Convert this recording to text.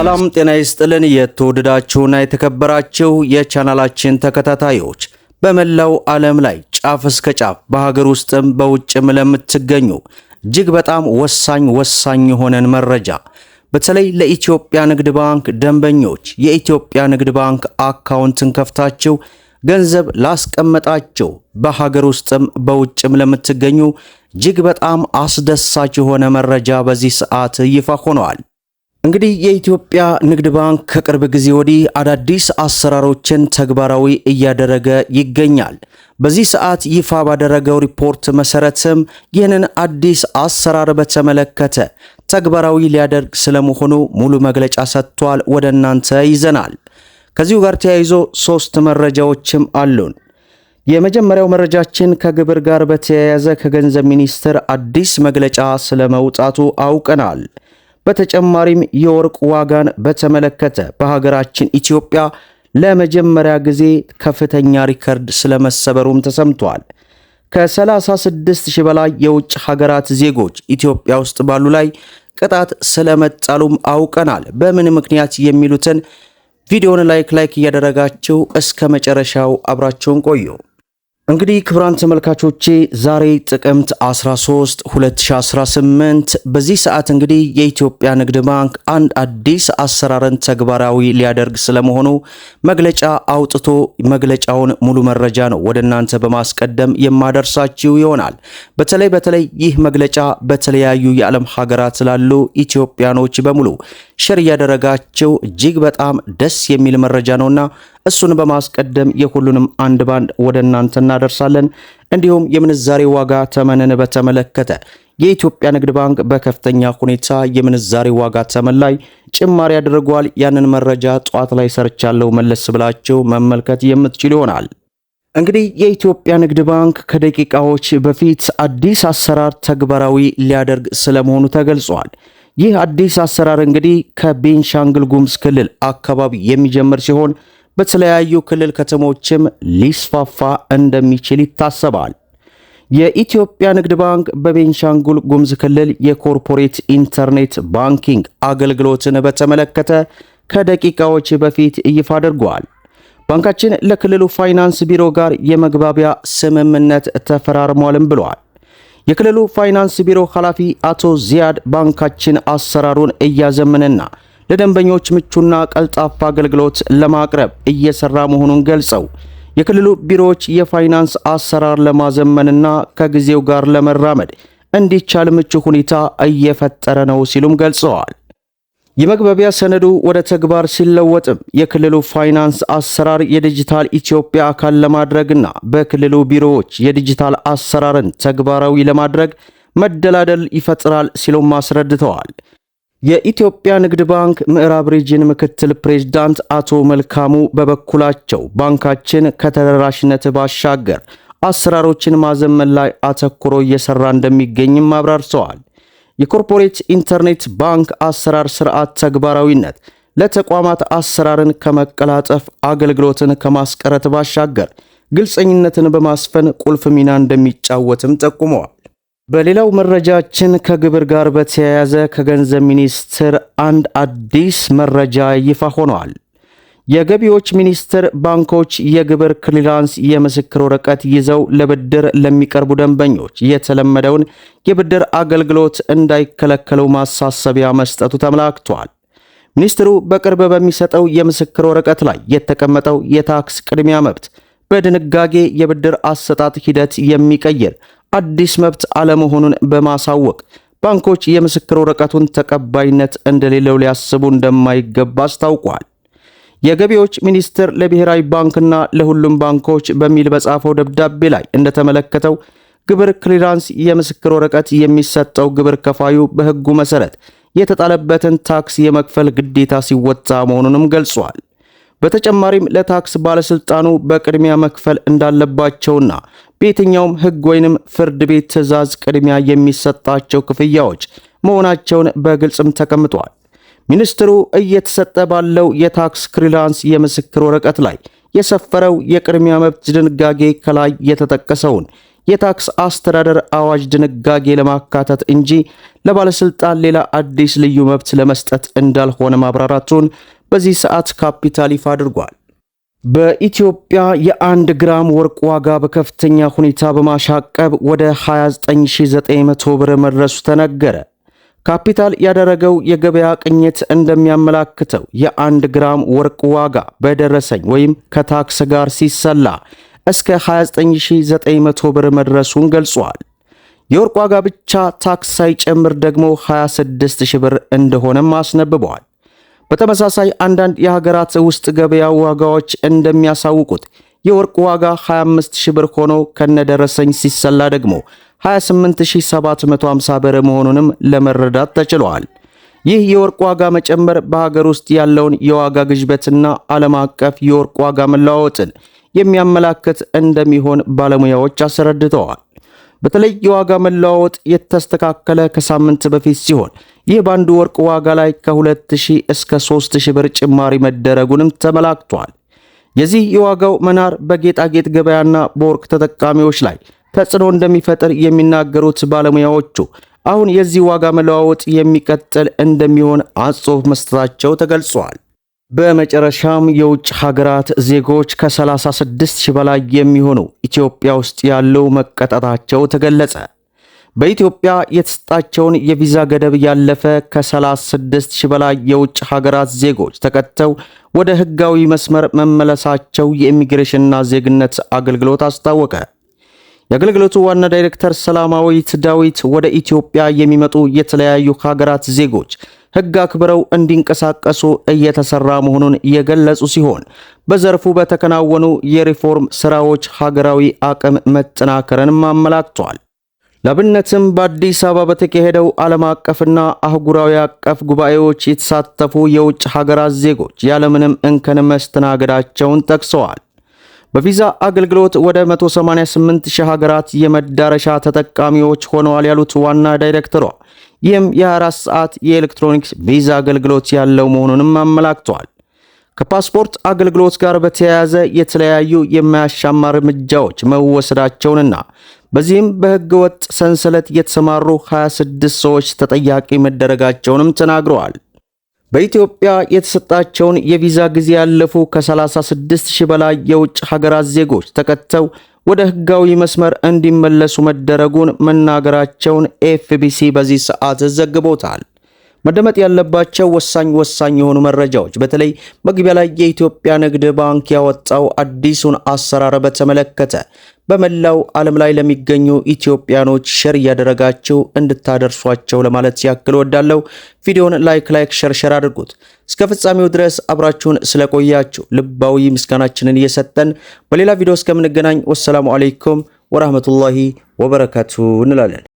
ሰላም ጤና ይስጥልን። የተወደዳችሁና የተከበራችሁ የቻናላችን ተከታታዮች በመላው ዓለም ላይ ጫፍ እስከ ጫፍ በሀገር ውስጥም በውጭም ለምትገኙ እጅግ በጣም ወሳኝ ወሳኝ የሆነን መረጃ በተለይ ለኢትዮጵያ ንግድ ባንክ ደንበኞች የኢትዮጵያ ንግድ ባንክ አካውንትን ከፍታችሁ ገንዘብ ላስቀመጣችሁ በሀገር ውስጥም በውጭም ለምትገኙ እጅግ በጣም አስደሳች የሆነ መረጃ በዚህ ሰዓት ይፋ ሆኗል። እንግዲህ የኢትዮጵያ ንግድ ባንክ ከቅርብ ጊዜ ወዲህ አዳዲስ አሰራሮችን ተግባራዊ እያደረገ ይገኛል። በዚህ ሰዓት ይፋ ባደረገው ሪፖርት መሰረትም ይህንን አዲስ አሰራር በተመለከተ ተግባራዊ ሊያደርግ ስለመሆኑ ሙሉ መግለጫ ሰጥቷል። ወደ እናንተ ይዘናል። ከዚሁ ጋር ተያይዞ ሶስት መረጃዎችም አሉን። የመጀመሪያው መረጃችን ከግብር ጋር በተያያዘ ከገንዘብ ሚኒስቴር አዲስ መግለጫ ስለመውጣቱ አውቀናል። በተጨማሪም የወርቅ ዋጋን በተመለከተ በሀገራችን ኢትዮጵያ ለመጀመሪያ ጊዜ ከፍተኛ ሪከርድ ስለመሰበሩም ተሰምቷል። ከ36 ሺህ በላይ የውጭ ሀገራት ዜጎች ኢትዮጵያ ውስጥ ባሉ ላይ ቅጣት ስለመጣሉም አውቀናል። በምን ምክንያት የሚሉትን ቪዲዮን ላይክ ላይክ እያደረጋችሁ እስከ መጨረሻው አብራችሁን ቆዩ። እንግዲህ ክብራን ተመልካቾቼ ዛሬ ጥቅምት 13 2018 በዚህ ሰዓት እንግዲህ የኢትዮጵያ ንግድ ባንክ አንድ አዲስ አሰራርን ተግባራዊ ሊያደርግ ስለመሆኑ መግለጫ አውጥቶ መግለጫውን ሙሉ መረጃ ነው ወደ እናንተ በማስቀደም የማደርሳችሁ ይሆናል። በተለይ በተለይ ይህ መግለጫ በተለያዩ የዓለም ሀገራት ላሉ ኢትዮጵያኖች በሙሉ ሸር እያደረጋቸው እጅግ በጣም ደስ የሚል መረጃ ነውና እሱን በማስቀደም የሁሉንም አንድ ባንድ ወደ እናንተ እናደርሳለን። እንዲሁም የምንዛሬ ዋጋ ተመንን በተመለከተ የኢትዮጵያ ንግድ ባንክ በከፍተኛ ሁኔታ የምንዛሬ ዋጋ ተመን ላይ ጭማሪ ያደርጓል ያንን መረጃ ጠዋት ላይ ሰርቻለሁ፣ መለስ ብላችሁ መመልከት የምትችል ይሆናል። እንግዲህ የኢትዮጵያ ንግድ ባንክ ከደቂቃዎች በፊት አዲስ አሰራር ተግባራዊ ሊያደርግ ስለመሆኑ ተገልጿል። ይህ አዲስ አሰራር እንግዲህ ከቤንሻንግል ጉምዝ ክልል አካባቢ የሚጀምር ሲሆን በተለያዩ ክልል ከተሞችም ሊስፋፋ እንደሚችል ይታሰባል። የኢትዮጵያ ንግድ ባንክ በቤንሻንጉል ጉሙዝ ክልል የኮርፖሬት ኢንተርኔት ባንኪንግ አገልግሎትን በተመለከተ ከደቂቃዎች በፊት ይፋ አድርጓል። ባንካችን ለክልሉ ፋይናንስ ቢሮ ጋር የመግባቢያ ስምምነት ተፈራርሟልም ብሏል። የክልሉ ፋይናንስ ቢሮ ኃላፊ አቶ ዚያድ ባንካችን አሰራሩን እያዘምንና ለደንበኞች ምቹና ቀልጣፋ አገልግሎት ለማቅረብ እየሰራ መሆኑን ገልጸው የክልሉ ቢሮዎች የፋይናንስ አሰራር ለማዘመንና ከጊዜው ጋር ለመራመድ እንዲቻል ምቹ ሁኔታ እየፈጠረ ነው ሲሉም ገልጸዋል። የመግባቢያ ሰነዱ ወደ ተግባር ሲለወጥም የክልሉ ፋይናንስ አሰራር የዲጂታል ኢትዮጵያ አካል ለማድረግና በክልሉ ቢሮዎች የዲጂታል አሰራርን ተግባራዊ ለማድረግ መደላደል ይፈጥራል ሲሉም አስረድተዋል። የኢትዮጵያ ንግድ ባንክ ምዕራብ ሪጅን ምክትል ፕሬዝዳንት አቶ መልካሙ በበኩላቸው ባንካችን ከተደራሽነት ባሻገር አሰራሮችን ማዘመን ላይ አተኩሮ እየሰራ እንደሚገኝም አብራርተዋል። የኮርፖሬት ኢንተርኔት ባንክ አሰራር ስርዓት ተግባራዊነት ለተቋማት አሰራርን ከመቀላጠፍ አገልግሎትን ከማስቀረት ባሻገር ግልጸኝነትን በማስፈን ቁልፍ ሚና እንደሚጫወትም ጠቁመዋል። በሌላው መረጃችን ከግብር ጋር በተያያዘ ከገንዘብ ሚኒስቴር አንድ አዲስ መረጃ ይፋ ሆኗል። የገቢዎች ሚኒስቴር ባንኮች የግብር ክሊራንስ የምስክር ወረቀት ይዘው ለብድር ለሚቀርቡ ደንበኞች የተለመደውን የብድር አገልግሎት እንዳይከለከሉ ማሳሰቢያ መስጠቱ ተመላክቷል። ሚኒስትሩ በቅርብ በሚሰጠው የምስክር ወረቀት ላይ የተቀመጠው የታክስ ቅድሚያ መብት በድንጋጌ የብድር አሰጣጥ ሂደት የሚቀይር አዲስ መብት አለመሆኑን በማሳወቅ ባንኮች የምስክር ወረቀቱን ተቀባይነት እንደሌለው ሊያስቡ እንደማይገባ አስታውቋል። የገቢዎች ሚኒስቴር ለብሔራዊ ባንክና ለሁሉም ባንኮች በሚል በጻፈው ደብዳቤ ላይ እንደተመለከተው ግብር ክሊራንስ የምስክር ወረቀት የሚሰጠው ግብር ከፋዩ በሕጉ መሰረት የተጣለበትን ታክስ የመክፈል ግዴታ ሲወጣ መሆኑንም ገልጿል። በተጨማሪም ለታክስ ባለስልጣኑ በቅድሚያ መክፈል እንዳለባቸውና በየትኛውም ህግ ወይንም ፍርድ ቤት ትዕዛዝ ቅድሚያ የሚሰጣቸው ክፍያዎች መሆናቸውን በግልጽም ተቀምጧል። ሚኒስትሩ እየተሰጠ ባለው የታክስ ክሪላንስ የምስክር ወረቀት ላይ የሰፈረው የቅድሚያ መብት ድንጋጌ ከላይ የተጠቀሰውን የታክስ አስተዳደር አዋጅ ድንጋጌ ለማካተት እንጂ ለባለስልጣን ሌላ አዲስ ልዩ መብት ለመስጠት እንዳልሆነ ማብራራቱን በዚህ ሰዓት ካፒታል ይፋ አድርጓል። በኢትዮጵያ የአንድ ግራም ወርቅ ዋጋ በከፍተኛ ሁኔታ በማሻቀብ ወደ 29900 ብር መድረሱ ተነገረ። ካፒታል ያደረገው የገበያ ቅኝት እንደሚያመላክተው የአንድ ግራም ወርቅ ዋጋ በደረሰኝ ወይም ከታክስ ጋር ሲሰላ እስከ 29900 ብር መድረሱን ገልጿል። የወርቅ ዋጋ ብቻ ታክስ ሳይጨምር ደግሞ 26000 ብር እንደሆነም አስነብበዋል። በተመሳሳይ አንዳንድ የሀገራት ውስጥ ገበያ ዋጋዎች እንደሚያሳውቁት የወርቅ ዋጋ 25 ሺህ ብር ሆኖ ከነደረሰኝ ሲሰላ ደግሞ 28750 ብር መሆኑንም ለመረዳት ተችሏል። ይህ የወርቅ ዋጋ መጨመር በሀገር ውስጥ ያለውን የዋጋ ግሽበትና ዓለም አቀፍ የወርቅ ዋጋ መለዋወጥን የሚያመላክት እንደሚሆን ባለሙያዎች አስረድተዋል። በተለይ የዋጋ መለዋወጥ የተስተካከለ ከሳምንት በፊት ሲሆን ይህ በአንዱ ወርቅ ዋጋ ላይ ከ2000 እስከ 3000 ብር ጭማሪ መደረጉንም ተመላክቷል። የዚህ የዋጋው መናር በጌጣጌጥ ገበያና በወርቅ ተጠቃሚዎች ላይ ተጽዕኖ እንደሚፈጥር የሚናገሩት ባለሙያዎቹ አሁን የዚህ ዋጋ መለዋወጥ የሚቀጥል እንደሚሆን አጽንኦት መስጠታቸው ተገልጿል። በመጨረሻም የውጭ ሀገራት ዜጎች ከ36 ሺህ በላይ የሚሆኑ ኢትዮጵያ ውስጥ ያለው መቀጣታቸው ተገለጸ። በኢትዮጵያ የተሰጣቸውን የቪዛ ገደብ ያለፈ ከ36 ሺህ በላይ የውጭ ሀገራት ዜጎች ተቀጥተው ወደ ሕጋዊ መስመር መመለሳቸው የኢሚግሬሽንና ዜግነት አገልግሎት አስታወቀ። የአገልግሎቱ ዋና ዳይሬክተር ሰላማዊት ዳዊት ወደ ኢትዮጵያ የሚመጡ የተለያዩ ሀገራት ዜጎች ሕግ አክብረው እንዲንቀሳቀሱ እየተሰራ መሆኑን የገለጹ ሲሆን በዘርፉ በተከናወኑ የሪፎርም ስራዎች ሀገራዊ አቅም መጠናከርንም አመላክቷል። ለብነትም በአዲስ አበባ በተካሄደው ዓለም አቀፍና አህጉራዊ አቀፍ ጉባኤዎች የተሳተፉ የውጭ ሀገራት ዜጎች ያለምንም እንከን መስተናገዳቸውን ጠቅሰዋል። በቪዛ አገልግሎት ወደ 188 ሺህ ሀገራት የመዳረሻ ተጠቃሚዎች ሆነዋል ያሉት ዋና ዳይሬክተሯ ይህም የ24 ሰዓት የኤሌክትሮኒክስ ቪዛ አገልግሎት ያለው መሆኑንም አመላክቷል። ከፓስፖርት አገልግሎት ጋር በተያያዘ የተለያዩ የማያሻማ እርምጃዎች መወሰዳቸውንና በዚህም በሕገ ወጥ ሰንሰለት የተሰማሩ 26 ሰዎች ተጠያቂ መደረጋቸውንም ተናግረዋል። በኢትዮጵያ የተሰጣቸውን የቪዛ ጊዜ ያለፉ ከ36 ሺህ በላይ የውጭ ሀገራት ዜጎች ተከተው ወደ ህጋዊ መስመር እንዲመለሱ መደረጉን መናገራቸውን ኤፍቢሲ በዚህ ሰዓት ዘግቦታል። መደመጥ ያለባቸው ወሳኝ ወሳኝ የሆኑ መረጃዎች በተለይ መግቢያ ላይ የኢትዮጵያ ንግድ ባንክ ያወጣው አዲሱን አሰራር በተመለከተ በመላው ዓለም ላይ ለሚገኙ ኢትዮጵያኖች ሸር እያደረጋችሁ እንድታደርሷቸው ለማለት ያክል ወዳለው ቪዲዮን ላይክ ላይክ ሸር ሸር አድርጉት። እስከ ፍጻሜው ድረስ አብራችሁን ስለቆያችሁ ልባዊ ምስጋናችንን እየሰጠን በሌላ ቪዲዮ እስከምንገናኝ ወሰላሙ አሌይኩም ወራህመቱላሂ ወበረካቱ እንላለን።